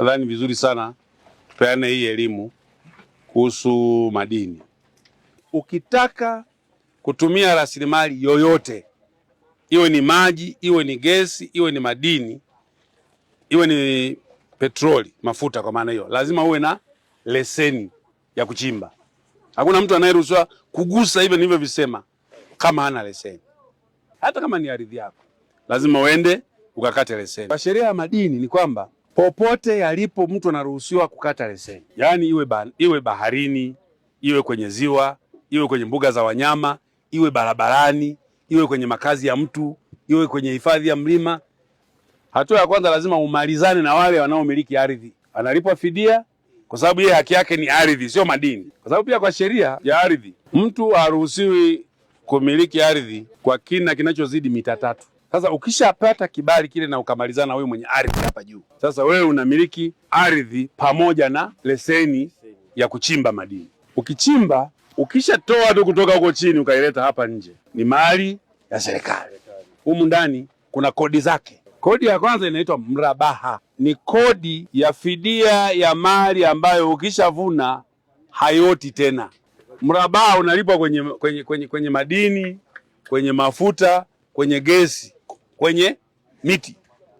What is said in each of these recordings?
Nadhani vizuri sana tupeane hii elimu kuhusu madini. Ukitaka kutumia rasilimali yoyote, iwe ni maji, iwe ni gesi, iwe ni madini, iwe ni petroli, mafuta, kwa maana hiyo, lazima uwe na leseni ya kuchimba. Hakuna mtu anayeruhusiwa kugusa hivyo nilivyovisema kama hana leseni. Hata kama ni ardhi yako, lazima uende ukakate leseni. Kwa sheria ya madini ni kwamba Popote yalipo mtu anaruhusiwa kukata leseni, yaani iwe, ba, iwe baharini, iwe kwenye ziwa, iwe kwenye mbuga za wanyama, iwe barabarani, iwe kwenye makazi ya mtu, iwe kwenye hifadhi ya mlima. Hatua ya kwanza lazima umalizane na wale wanaomiliki ardhi, analipwa fidia kwa sababu yeye haki yake ni ardhi, sio madini, kwa sababu pia kwa sheria ya ardhi mtu haruhusiwi kumiliki ardhi kwa kina kinachozidi mita tatu. Sasa ukishapata kibali kile na ukamalizana wewe mwenye ardhi hapa juu, sasa wewe unamiliki ardhi pamoja na leseni ya kuchimba madini. Ukichimba, ukishatoa tu kutoka huko chini ukaileta hapa nje, ni mali ya serikali. Humu ndani kuna kodi zake. Kodi ya kwanza inaitwa mrabaha, ni kodi ya fidia ya mali ambayo ukishavuna hayoti tena. Mrabaha unalipwa kwenye, kwenye, kwenye, kwenye madini, kwenye mafuta, kwenye gesi kwenye miti.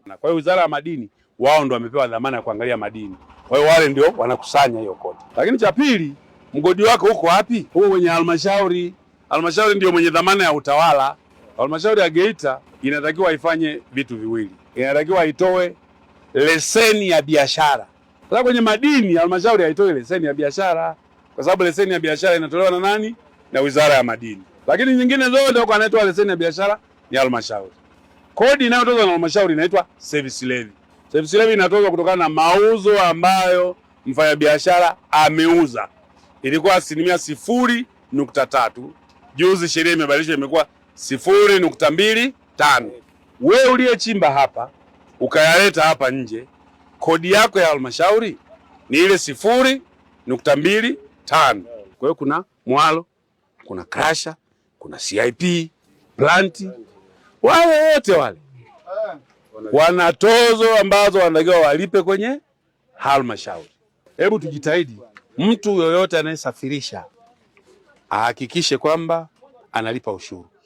Na kwa hiyo Wizara ya Madini wao ndio wamepewa dhamana ya kuangalia madini, kwa hiyo wale ndio wanakusanya hiyo kodi. Lakini cha pili, mgodi wako uko wapi? Huo wenye halmashauri. Halmashauri ndio mwenye dhamana ya utawala. Halmashauri ya Geita inatakiwa ifanye vitu viwili, inatakiwa itoe leseni ya biashara. Sasa kwenye madini halmashauri haitoi leseni ya biashara, kwa sababu leseni ya biashara inatolewa na nani? Na Wizara ya Madini. Lakini nyingine zote huko anaitoa leseni ya biashara ni halmashauri. Kodi inayotozwa na halmashauri inaitwa service levy. Service levy inatozwa kutokana na mauzo ambayo mfanyabiashara ameuza, ilikuwa asilimia sifuri nukta tatu. Juzi sheria imebadilishwa imekuwa sifuri nukta mbili tano. we uliyechimba hapa ukayaleta hapa nje, kodi yako ya halmashauri ni ile sifuri nukta mbili tano. Kwa hiyo kuna mwalo, kuna krasha, kuna CIP, planti wale wote wale eh. wana tozo ambazo wanatakiwa walipe kwenye halmashauri. Hebu tujitahidi, mtu yoyote anayesafirisha ahakikishe kwamba analipa ushuru.